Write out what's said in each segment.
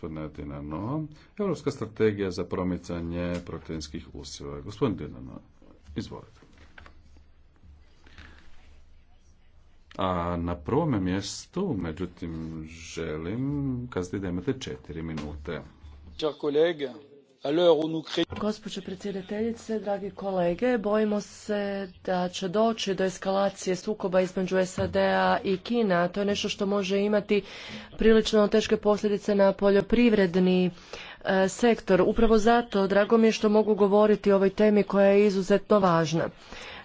gospodina no Europska strategija za promicanje proteinskih usjeva. Gospodin Dinano, izvolite. A na prvom mjestu, međutim, želim kazati da imate četiri minute. Čak kolege. Gospođo predsjedateljice, dragi kolege, bojimo se da će doći do eskalacije sukoba između SAD-a i Kina. To je nešto što može imati prilično teške posljedice na poljoprivredni E, sektor. Upravo zato drago mi je što mogu govoriti o ovoj temi koja je izuzetno važna.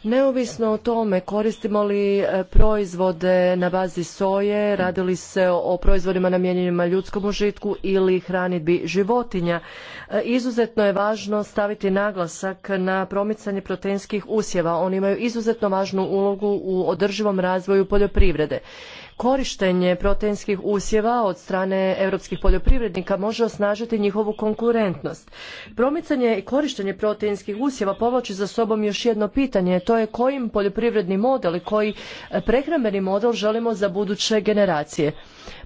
Neovisno o tome koristimo li e, proizvode na bazi soje, radili se o proizvodima namijenjenima ljudskom užitku ili hranidbi životinja, e, izuzetno je važno staviti naglasak na promicanje proteinskih usjeva. Oni imaju izuzetno važnu ulogu u održivom razvoju poljoprivrede korištenje proteinskih usjeva od strane europskih poljoprivrednika može osnažiti njihovu konkurentnost. Promicanje i korištenje proteinskih usjeva povlači za sobom još jedno pitanje, to je kojim poljoprivredni model i koji e, prehrambeni model želimo za buduće generacije.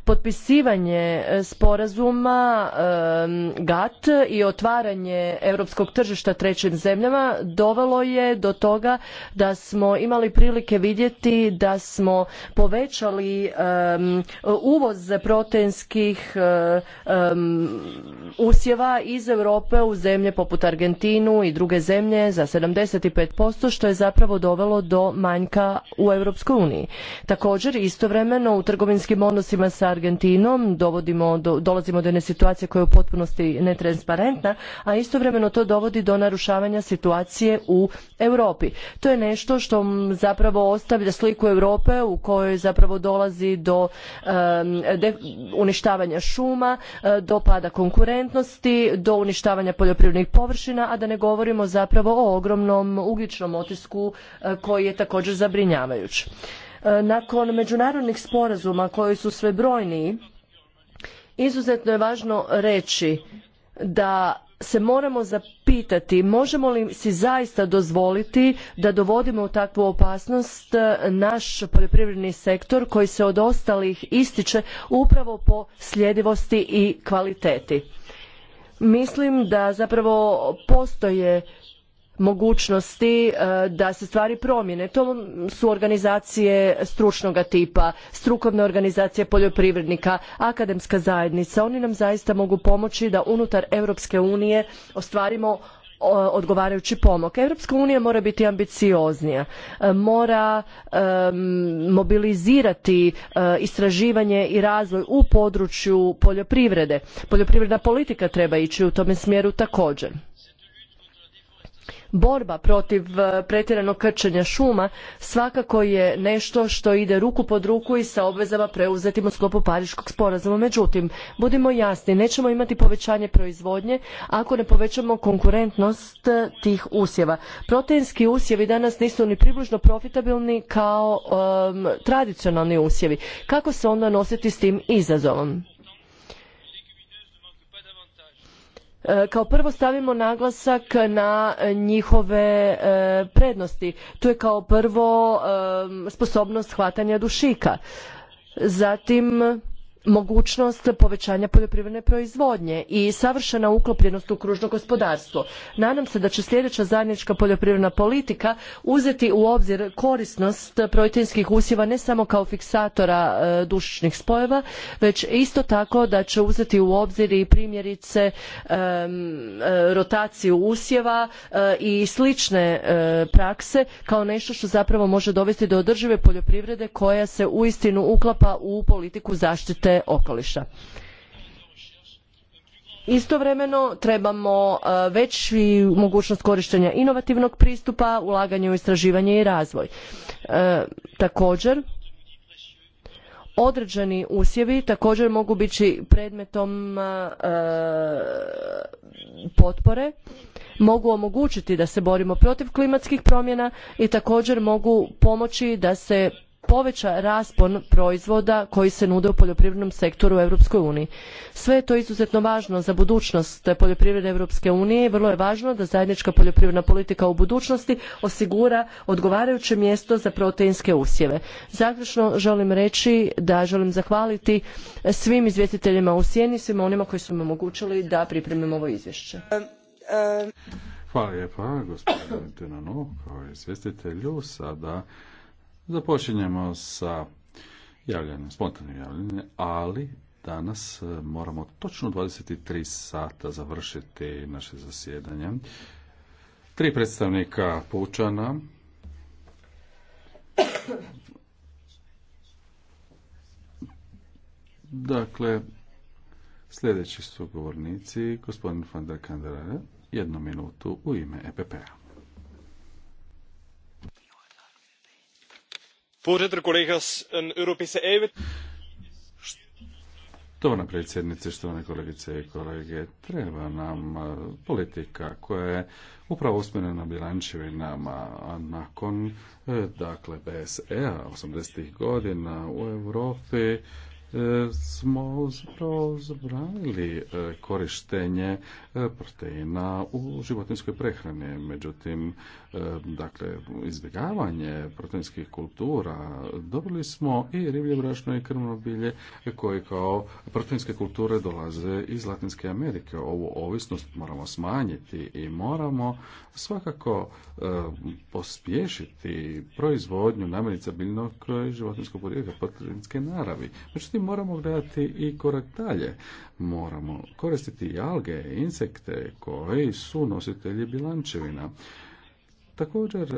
Potpisivanje e, sporazuma GATT i otvaranje europskog tržišta trećim zemljama dovelo je do toga da smo imali prilike vidjeti da smo povećali Um, uvoz proteinskih um, usjeva iz Europe u zemlje poput Argentinu i druge zemlje za 75% što je zapravo dovelo do manjka u Europskoj uniji. Također istovremeno u trgovinskim odnosima sa Argentinom dolazimo do jedne situacije koja je u potpunosti netransparentna, a istovremeno to dovodi do narušavanja situacije u Europi. To je nešto što zapravo ostavlja sliku Europe u kojoj zapravo dolazi do uništavanja šuma, e, do pada konkurentnosti, do uništavanja poljoprivrednih površina, a da ne govorimo zapravo o ogromnom ugljičnom otisku e, koji je također zabrinjavajuć. E, nakon međunarodnih sporazuma koji su sve brojniji, izuzetno je važno reći da se moramo zapitati možemo li si zaista dozvoliti da dovodimo u takvu opasnost e, naš poljoprivredni sektor koji se od ostalih ističe upravo po sljedivosti i kvaliteti. Mislim da zapravo postoje mogućnosti e, da se stvari promjene. To su organizacije stručnoga tipa, strukovne organizacije poljoprivrednika, akademska zajednica. Oni nam zaista mogu pomoći da unutar Europske unije ostvarimo odgovarajući pomak. Europska unija mora biti ambicioznija, e, mora mobilizirati e, istraživanje i razvoj u području poljoprivrede. Poljoprivredna politika treba ići u tome smjeru također borba protiv e, pretjeranog krčenja šuma svakako je nešto što ide ruku pod ruku i sa obvezama preuzetim u sklopu Pariškog sporazuma. Međutim, budimo jasni, nećemo imati povećanje proizvodnje ako ne povećamo konkurentnost e, tih usjeva. Proteinski usjevi danas nisu ni približno profitabilni kao tradicionalni usjevi. Kako se onda nositi s tim izazovom? E, kao prvo stavimo naglasak na njihove e, prednosti. Tu je kao prvo e, sposobnost hvatanja dušika. Zatim mogućnost povećanja poljoprivredne proizvodnje i savršena uklopljenost u kružno gospodarstvo. Nadam se da će sljedeća zajednička poljoprivredna politika uzeti u obzir korisnost proteinskih usjeva ne samo kao fiksatora e, dušičnih spojeva, već isto tako da će uzeti u obzir i primjerice e, rotaciju usjeva e, i slične prakse kao nešto što zapravo može dovesti do održive poljoprivrede koja se uistinu uklapa u politiku zaštite okoliša. Istovremeno trebamo e, veći mogućnost korištenja inovativnog pristupa, ulaganje u istraživanje i razvoj. E, također, određeni usjevi također mogu biti predmetom e, potpore, mogu omogućiti da se borimo protiv klimatskih promjena i također mogu pomoći da se poveća raspon proizvoda koji se nude u poljoprivrednom sektoru u Europskoj uniji. Sve je to izuzetno važno za budućnost poljoprivrede Europske unije i vrlo je važno da zajednička poljoprivredna politika u budućnosti osigura odgovarajuće mjesto za proteinske usjeve. Zaključno želim reći da želim zahvaliti svim izvjestiteljima u sjeni, svima onima koji su mi omogućili da pripremim ovo izvješće. Hvala izvjestitelju. Sada Započinjemo sa javljanjem, spontanim javljanjem, ali danas e, moramo točno 23 sata završiti naše zasjedanje. Tri predstavnika Pučana, Dakle, sljedeći su govornici, gospodin van der Kandere, jednu minutu u ime EPP-a. Voorzitter, collega's, een predsjednice, štovane kolegice i kolege, treba nam e, politika koja je upravo usmjerena na bilančevinama, a nakon, e, dakle, BSE-a 80. godina u Europi, E, smo zapravo zabranili e, korištenje e, proteina u životinskoj prehrani. Međutim, dakle, izbjegavanje proteinskih kultura dobili smo i riblje brašno i krmno bilje koje kao proteinske kulture dolaze iz Latinske Amerike. Ovu ovisnost moramo smanjiti i moramo svakako pospješiti proizvodnju namirnica biljnog životinskog porijekla proteinske naravi. Međutim, moramo gledati i korak dalje. Moramo koristiti i alge, insekte koji su nositelji bilančevina. Također, e,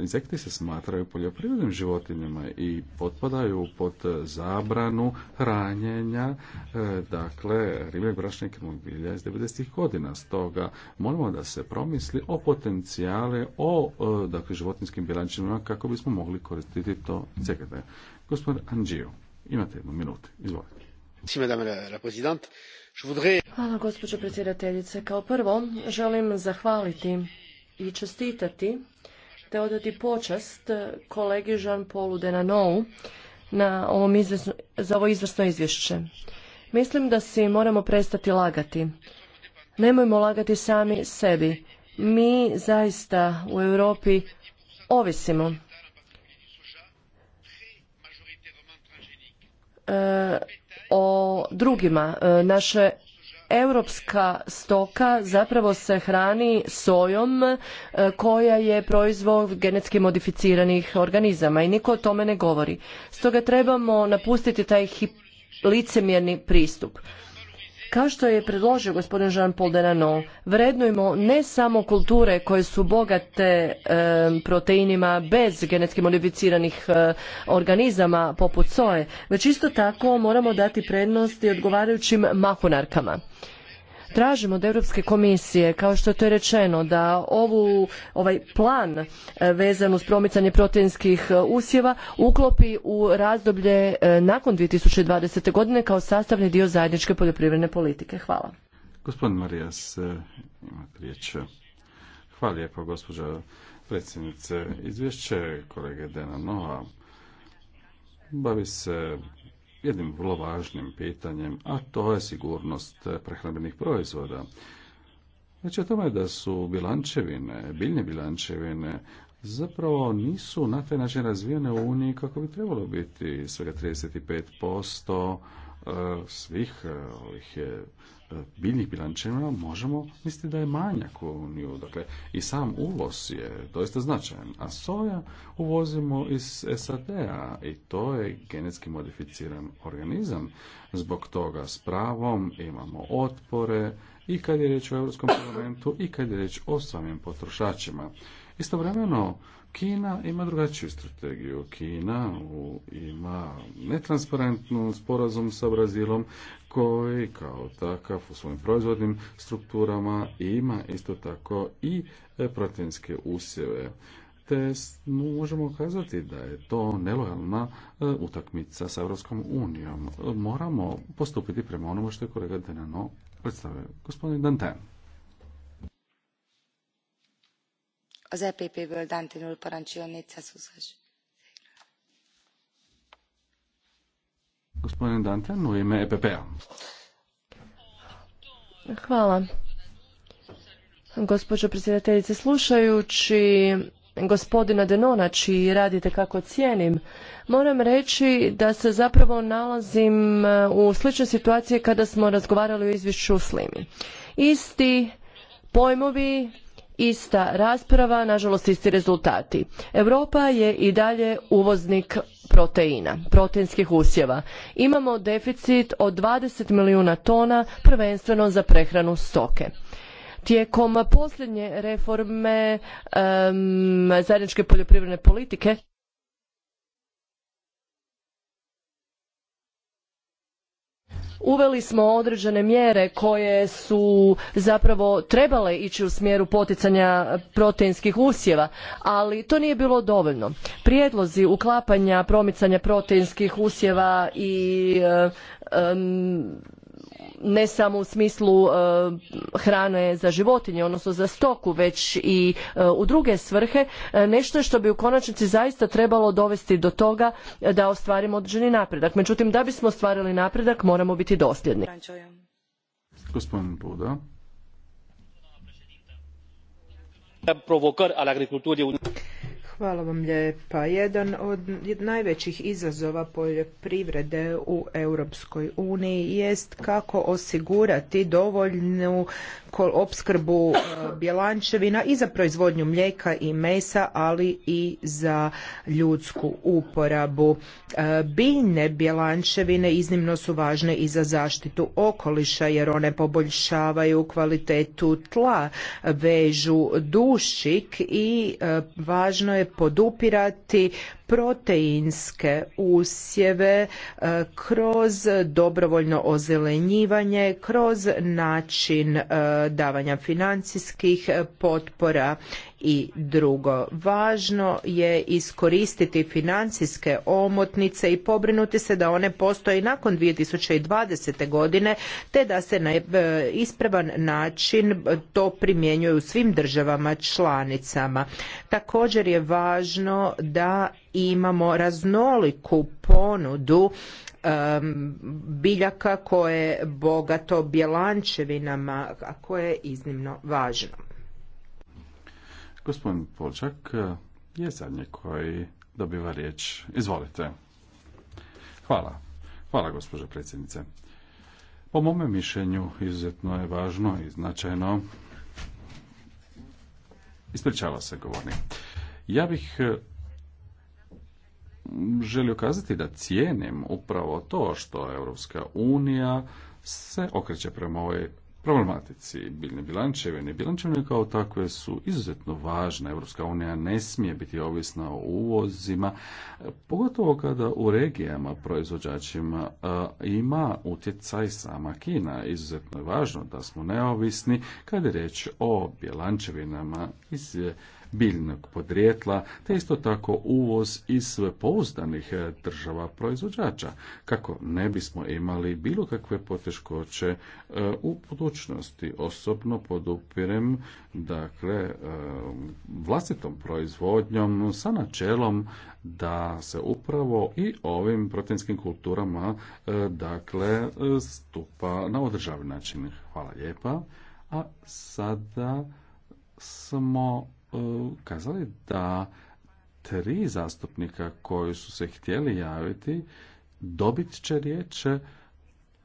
insekti se smatraju poljoprivrednim životinjama i potpadaju pod zabranu ranjenja e, dakle, ribe brašne mobilja iz 90. godina. Stoga, molimo da se promisli o potencijale, o e, dakle, životinskim bilančinima kako bismo mogli koristiti to insekte. Gospodin Anđio. Imate jednu Hvala gospođo predsjedateljice. Kao prvo želim zahvaliti i čestitati te odati počast kolegi Jean-Paulu Denanou na ovom za ovo izvrsno izvješće. Mislim da si moramo prestati lagati. Nemojmo lagati sami sebi. Mi zaista u Europi ovisimo E, o drugima. E, naše europska stoka zapravo se hrani sojom e, koja je proizvod genetski modificiranih organizama i niko o tome ne govori. Stoga trebamo napustiti taj licemjerni pristup. Kao što je predložio gospodin Jean-Paul Denano, vrednujemo ne samo kulture koje su bogate proteinima bez genetski modificiranih e, organizama poput soje, već isto tako moramo dati prednost i odgovarajućim mahunarkama tražimo od Europske komisije, kao što je to rečeno, da ovu, ovaj plan e, vezan uz promicanje proteinskih e, usjeva uklopi u razdoblje e, nakon 2020. godine kao sastavni dio zajedničke poljoprivredne politike. Hvala. Gospodin Marijas, ima riječ. Hvala lijepo, gospođo predsjednice. Izvješće kolege Dena Nova bavi se jednim vrlo važnim pitanjem, a to je sigurnost prehrambenih proizvoda. Znači o tome da su bilančevine, biljne bilančevine, zapravo nisu na taj način razvijene u Uniji kako bi trebalo biti svega 35% eh, svih eh, ovih biljnih bilančevina možemo misliti da je manjak u Uniju. Dakle, i sam uvoz je doista značajan. A soja uvozimo iz SAD-a i to je genetski modificiran organizam. Zbog toga s pravom imamo otpore i kad je riječ o Europskom parlamentu i kad je riječ o samim potrošačima. Istovremeno, Kina ima drugačiju strategiju. Kina ima netransparentnu sporazum sa Brazilom koji kao takav u svojim proizvodnim strukturama ima isto tako i e, proteinske usjeve. Te možemo kazati da je to nelojalna e, utakmica sa Evropskom unijom. Moramo postupiti prema onome što je kolega Denano predstavio. Gospodin Dantan. az epp dantin u ime EPP-a. Hvala. Gospođo predsjedateljice, slušajući gospodina Denona, čiji radite kako cijenim, moram reći da se zapravo nalazim uh, u sličnoj situaciji kada smo razgovarali o izvješću Slimi. Isti pojmovi, ista rasprava, nažalost isti rezultati. Europa je i dalje uvoznik proteina, proteinskih usjeva. Imamo deficit od 20 milijuna tona, prvenstveno za prehranu stoke. Tijekom posljednje reforme zajedničke poljoprivredne politike uveli smo određene mjere koje su zapravo trebale ići u smjeru poticanja proteinskih usjeva, ali to nije bilo dovoljno. Prijedlozi uklapanja promicanja proteinskih usjeva i e, ne samo u smislu e, hrane za životinje, odnosno za stoku, već i e, u druge svrhe, e, nešto što bi u konačnici zaista trebalo dovesti do toga da ostvarimo određeni napredak. Međutim, da bismo ostvarili napredak, moramo biti dosljedni. Gospodin Buda Hvala vam lijepa. Jedan od najvećih izazova poljoprivrede u Europskoj uniji jest kako osigurati dovoljnu opskrbu e, bjelančevina i za proizvodnju mlijeka i mesa, ali i za ljudsku uporabu. E, biljne bjelančevine iznimno su važne i za zaštitu okoliša jer one poboljšavaju kvalitetu tla, vežu dušik i e, važno je podupirati proteinske usjeve e, kroz dobrovoljno ozelenjivanje, kroz način e, davanja financijskih potpora i drugo, važno je iskoristiti financijske omotnice i pobrinuti se da one postoje nakon 2020. godine te da se na e, ispravan način to primjenjuje u svim državama članicama. Također je važno da imamo raznoliku ponudu biljaka koje je bogato bjelančevinama, a koje je iznimno važno. Gospodin Polčak e, je zadnji koji dobiva riječ. Izvolite. Hvala. Hvala, gospođo predsjednice. Po mome mišljenju izuzetno je važno i značajno Ispričava se govornik. Ja bih e, želio kazati da cijenim upravo to što Europska unija se okreće prema ovoj problematici biljne bilančevine. Bilančevine kao takve su izuzetno važne. Evropska unija ne smije biti ovisna o uvozima, pogotovo kada u regijama proizvođačima ima utjecaj sama Kina. Izuzetno je važno da smo neovisni kada je riječ o bilančevinama iz biljnog podrijetla, te isto tako uvoz iz sve pouzdanih e, država proizvođača, kako ne bismo imali bilo kakve poteškoće e, u budućnosti. Osobno podupirem dakle, e, vlastitom proizvodnjom sa načelom da se upravo i ovim proteinskim kulturama dakle stupa na održavi način. Hvala lijepa. A sada smo E, kazali da tri zastupnika koji su se htjeli javiti dobit će riječ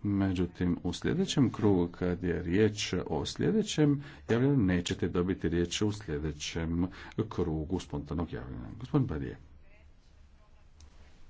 Međutim, u sljedećem krugu, kad je riječ o sljedećem javljanju, nećete dobiti riječ u sljedećem krugu spontanog javljanja. Gospodin Barije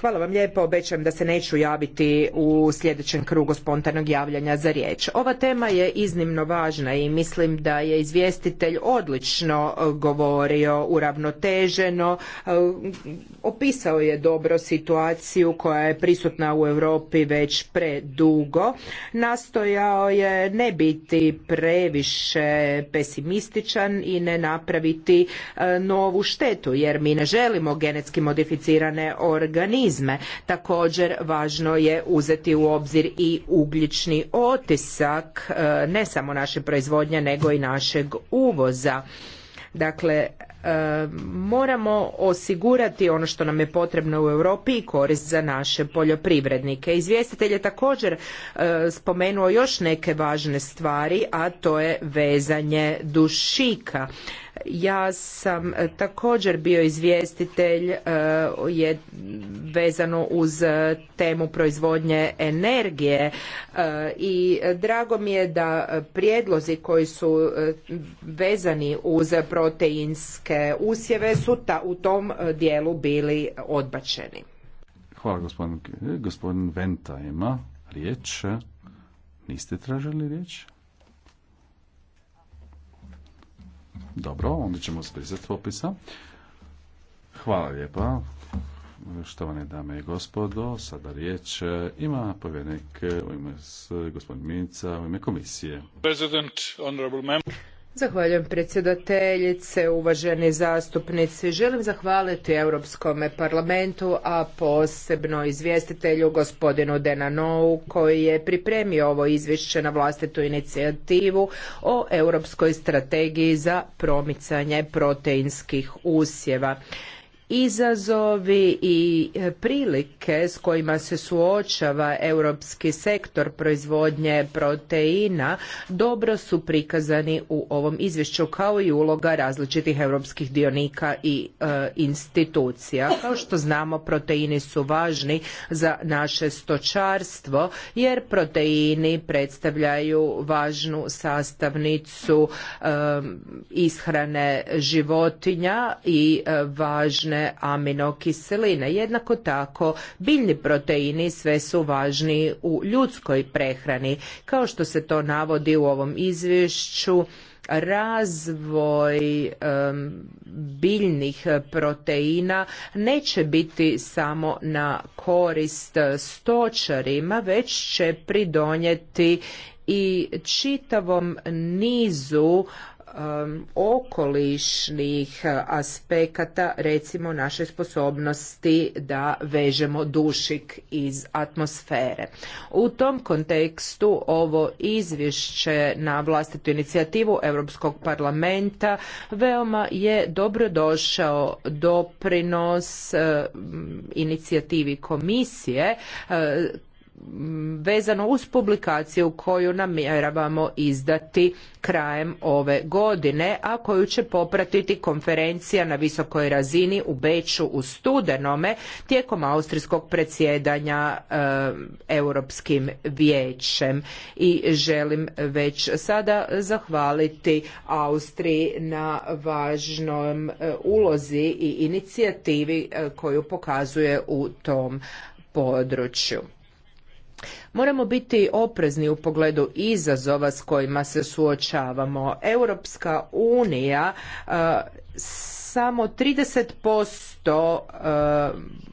Hvala vam lijepo, obećajem da se neću javiti u sljedećem krugu spontanog javljanja za riječ. Ova tema je iznimno važna i mislim da je izvjestitelj odlično e, govorio, uravnoteženo, e, opisao je dobro situaciju koja je prisutna u Europi već predugo. Nastojao je ne biti previše pesimističan i ne napraviti e, novu štetu jer mi ne želimo genetski modificirane organizme Također važno je uzeti u obzir i ugljični otisak e, ne samo naše proizvodnje nego i našeg uvoza. Dakle, e, moramo osigurati ono što nam je potrebno u Europi i korist za naše poljoprivrednike. Izvjestitelj je također e, spomenuo još neke važne stvari, a to je vezanje dušika. Ja sam e, također bio izvjestitelj e, vezano uz e, temu proizvodnje energije i drago mi je da prijedlozi koji su vezani uz proteinske usjeve su ta, u tom dijelu bili odbačeni. Hvala gospodin, gospodin Venta ima riječ. Niste tražili riječ? Dobro, onda ćemo sprizati popisa. Hvala lijepa. Štovane dame i gospodo, sada riječ e, ima povjednik e, u ime gospodin Minica, u ime komisije. President, Zahvaljujem predsjedateljice, uvaženi zastupnici. Želim zahvaliti Europskom parlamentu, a posebno izvjestitelju gospodinu Denanou koji je pripremio ovo izvješće na vlastitu inicijativu o Europskoj strategiji za promicanje proteinskih usjeva izazovi i e, prilike s kojima se suočava europski sektor proizvodnje proteina dobro su prikazani u ovom izvješću kao i uloga različitih europskih dionika i e, institucija kao što znamo proteini su važni za naše stočarstvo jer proteini predstavljaju važnu sastavnicu e, ishrane životinja i važne važne aminokiseline. Jednako tako biljni proteini sve su važni u ljudskoj prehrani. Kao što se to navodi u ovom izvješću, razvoj biljnih proteina neće biti samo na korist stočarima, već će pridonijeti i čitavom nizu Um, okolišnih aspekata, recimo naše sposobnosti da vežemo dušik iz atmosfere. U tom kontekstu ovo izvješće na vlastitu inicijativu Europskog parlamenta veoma je dobrodošao doprinos um, inicijativi komisije uh, vezano uz publikaciju koju namjeravamo izdati krajem ove godine, a koju će popratiti konferencija na visokoj razini u Beču u studenome tijekom austrijskog predsjedanja eh, Europskim vijećem. I želim već sada zahvaliti Austriji na važnom eh, ulozi i inicijativi eh, koju pokazuje u tom području. Moramo biti oprezni u pogledu izazova s kojima se suočavamo. Europska unija e, samo 30% e,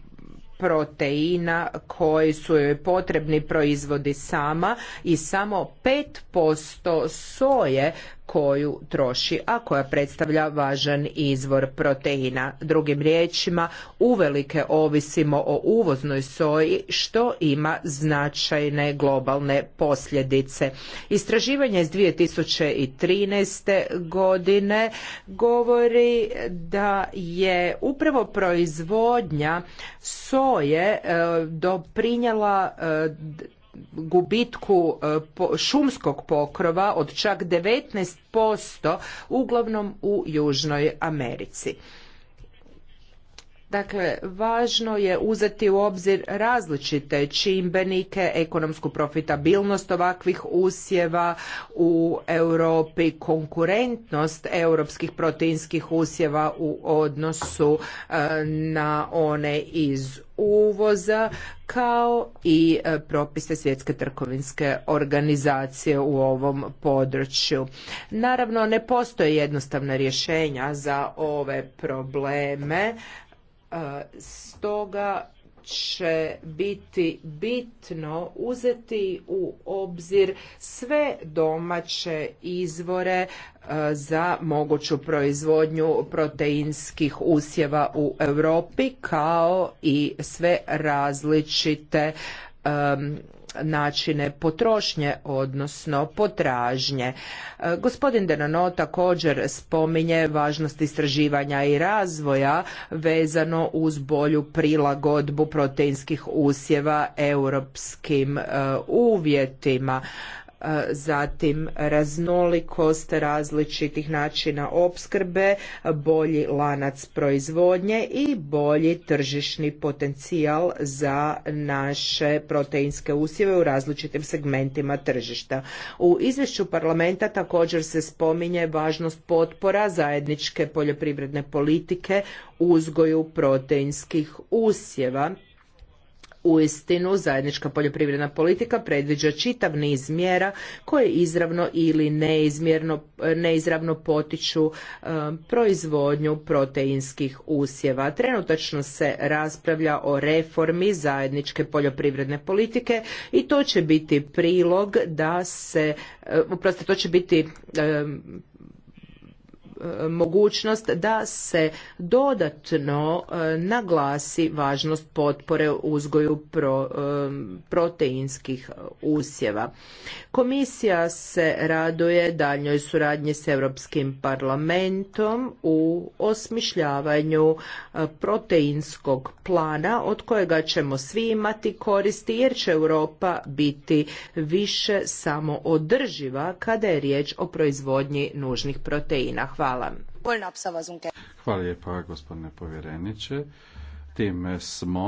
proteina koji su joj potrebni proizvodi sama i samo 5% soje koju troši, a koja predstavlja važan izvor proteina. Drugim riječima, uvelike ovisimo o uvoznoj soji što ima značajne globalne posljedice. Istraživanje iz 2013. godine govori da je upravo proizvodnja soje eh, doprinjela eh, gubitku e, šumskog pokrova od čak 19% uglavnom u Južnoj Americi. Dakle, važno je uzeti u obzir različite čimbenike, ekonomsku profitabilnost ovakvih usjeva u Europi, konkurentnost europskih proteinskih usjeva u odnosu e, na one iz uvoza, kao i e, propise svjetske trgovinske organizacije u ovom području. Naravno, ne postoje jednostavna rješenja za ove probleme, Stoga će biti bitno uzeti u obzir sve domaće izvore za moguću proizvodnju proteinskih usjeva u Europi kao i sve različite načine potrošnje, odnosno potražnje. E, gospodin Denano također spominje važnost istraživanja i razvoja vezano uz bolju prilagodbu proteinskih usjeva europskim e, uvjetima zatim raznolikost različitih načina opskrbe, bolji lanac proizvodnje i bolji tržišni potencijal za naše proteinske usjeve u različitim segmentima tržišta. U izvješću parlamenta također se spominje važnost potpora zajedničke poljoprivredne politike uzgoju proteinskih usjeva Uistinu, zajednička poljoprivredna politika predviđa čitav niz mjera koje izravno ili neizmjerno, neizravno potiču e, proizvodnju proteinskih usjeva. Trenutačno se raspravlja o reformi zajedničke poljoprivredne politike i to će biti prilog da se, e, oprostite, to će biti e, E, mogućnost da se dodatno e, naglasi važnost potpore uzgoju e, proteinskih usjeva. Komisija se raduje daljnjoj suradnji s Europskim parlamentom u osmišljavanju proteinskog plana od kojega ćemo svi imati koristi jer će Europa biti više samo održiva kada je riječ o proizvodnji nužnih proteina. Hvala. Hvala. Hvala lijepa gospodine povjereniče. Time smo